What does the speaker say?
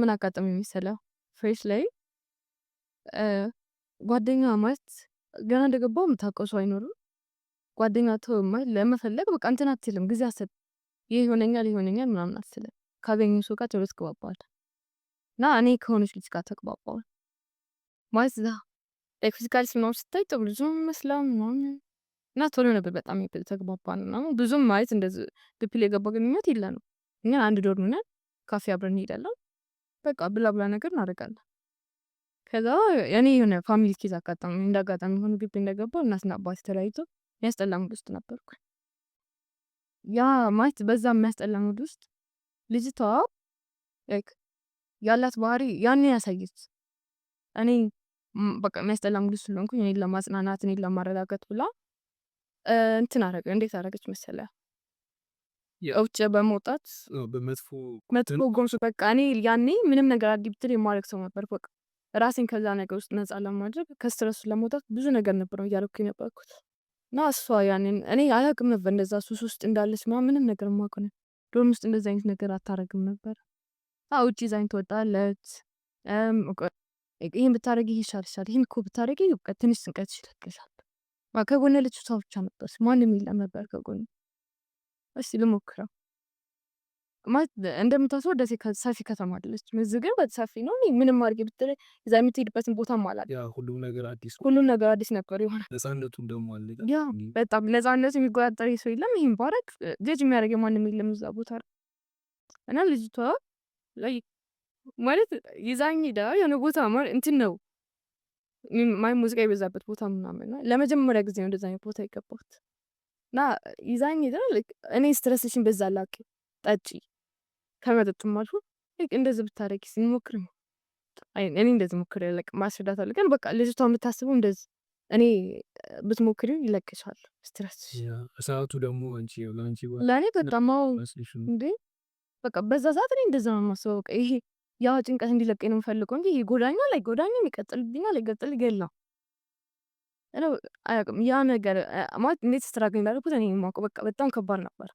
ምን አጋጠመኝ መሰለህ ፍሬሽ ላይ ጓደኛ ማለት ገና እንደገባው የምታውቀው ሰው አይኖርም። ጓደኛ ተው ማለት ለመፈለግ በቃ እንትን አትልም፣ ጊዜ አሰጥ ይህ ይሆነኛል ይሆነኛል ምናምን አትልም። ካገኙ ሰው ጋር ቶሎ ትግባባዋል እና እኔ ከሆነች ልጅ ጋር ተግባባዋል ማለት ዛ ፊዚካል ሲኖር ስታይ ጥሩ ልጅ መስላ ምናምን እና ቶሎ ነበር በጣም ተግባባ ምናምን ብዙም ማለት እንደዚህ ግፒል የገባ ግንኙነት የለንም። እኛ አንድ ዶርም ነን፣ ካፌ አብረን እንሄዳለን በቃ ብላ ብላ ነገር እናደርጋለን። ከዛ እኔ የሆነ ፋሚሊ ኬዝ አጋጣሚ እንዳጋጣሚ ሆኖ ግቢ እንደገባሁ እናትና አባት ተለያይቶ የሚያስጠላ ሙድ ውስጥ ነበርኩ። ያ ማለት በዛ የሚያስጠላ ሙድ ውስጥ ልጅቷ ያላት ባህሪ ያንን ያሳየች። እኔ በቃ የሚያስጠላ ሙድ ውስጥ ስለሆንኩኝ እኔን ለማጽናናት እኔን ለማረጋጋት ብላ እንትን አረገ። እንዴት አረገች መሰለህ እውጭ በመውጣት በመጥፎ መጥፎ ጎንሱ በቃ እኔ ያኔ ምንም ነገር አዲብትል የማድረግ ሰው ነበር። በቃ ራሴን ከዛ ነገር ውስጥ ነጻ ለማድረግ ከስትረሱ ለመውጣት ብዙ ነገር ነበር ነው እያደረኩ የነበርኩት እና እሷ ያንን እኔ አላቅም ነበር እንደዛ ሱስ ውስጥ እንዳለች ማ ምንም ነገር የማውቀው ነው። ዶርም ውስጥ እንደዚ አይነት ነገር አታረግም ነበር። ውጭ ዛኝ ትወጣለት ይህን ብታደረግ ይሻል ይሻል ይህን እኮ ብታደረግ ትንሽ ስንቀት ይለቅሻል። ከጎነ ልጅ ብቻ ነበረች፣ ማንም የለም ነበር ከጎነ እስቲ ልሞክረው ማለት እንደምታስበው ደሴ ሰፊ ከተማ አለች። ምዝ ግን በተሰፊ ነው። ምንም አድርጌ ብትለኝ እዛ የምትሄድበትን ቦታ አላል። ሁሉም ነገር አዲስ ሁሉም ነገር አዲስ ነገር ይሆናል። ነፃነቱ ደግሞ አለ። ያ በጣም ነፃነቱ የሚቆጣጠር ሰው የለም። ይህም ባረግ ልጅ የሚያደርግ ማንም የለም እዛ ቦታ እና ልጅቷ ላይ ማለት ይዛኝ ዳ የሆነ ቦታ እንትን ነው ማይ ሙዚቃ የበዛበት ቦታ ምናምን ለመጀመሪያ ጊዜ ነው እንደዛ ቦታ የገባት እና ይዛኝ ሄዳ እኔ ስትረስሽን በዛ ላክ ጠጪ ከመጠጡም አልፎ እንደዚህ ብታረጊ ሲሞክር እኔ እንደዚህ ሞክር ያለቅ ማስረዳት አለ። ግን በቃ ልጅቷ የምታስበው እንደዚህ እኔ ብትሞክሪ ይለቅሻል ስትረስ ሰዓቱ ደግሞ ለእኔ በጣማው እንዴ በቃ በዛ ሰዓት እኔ እንደዛ ነው የማስበው። በቃ ይሄ ያው ጭንቀት እንዲለቀኝ ነው የምፈልገው እንጂ ይሄ ጎዳኛ ላይ ጎዳኛ አይጎዳኝም ላይ ገጥል ገላ አላውቅም ያ ነገር ማለት እንዴት ስትራግል እንዳደረኩት እኔ የማውቀው በቃ በጣም ከባድ ነበር።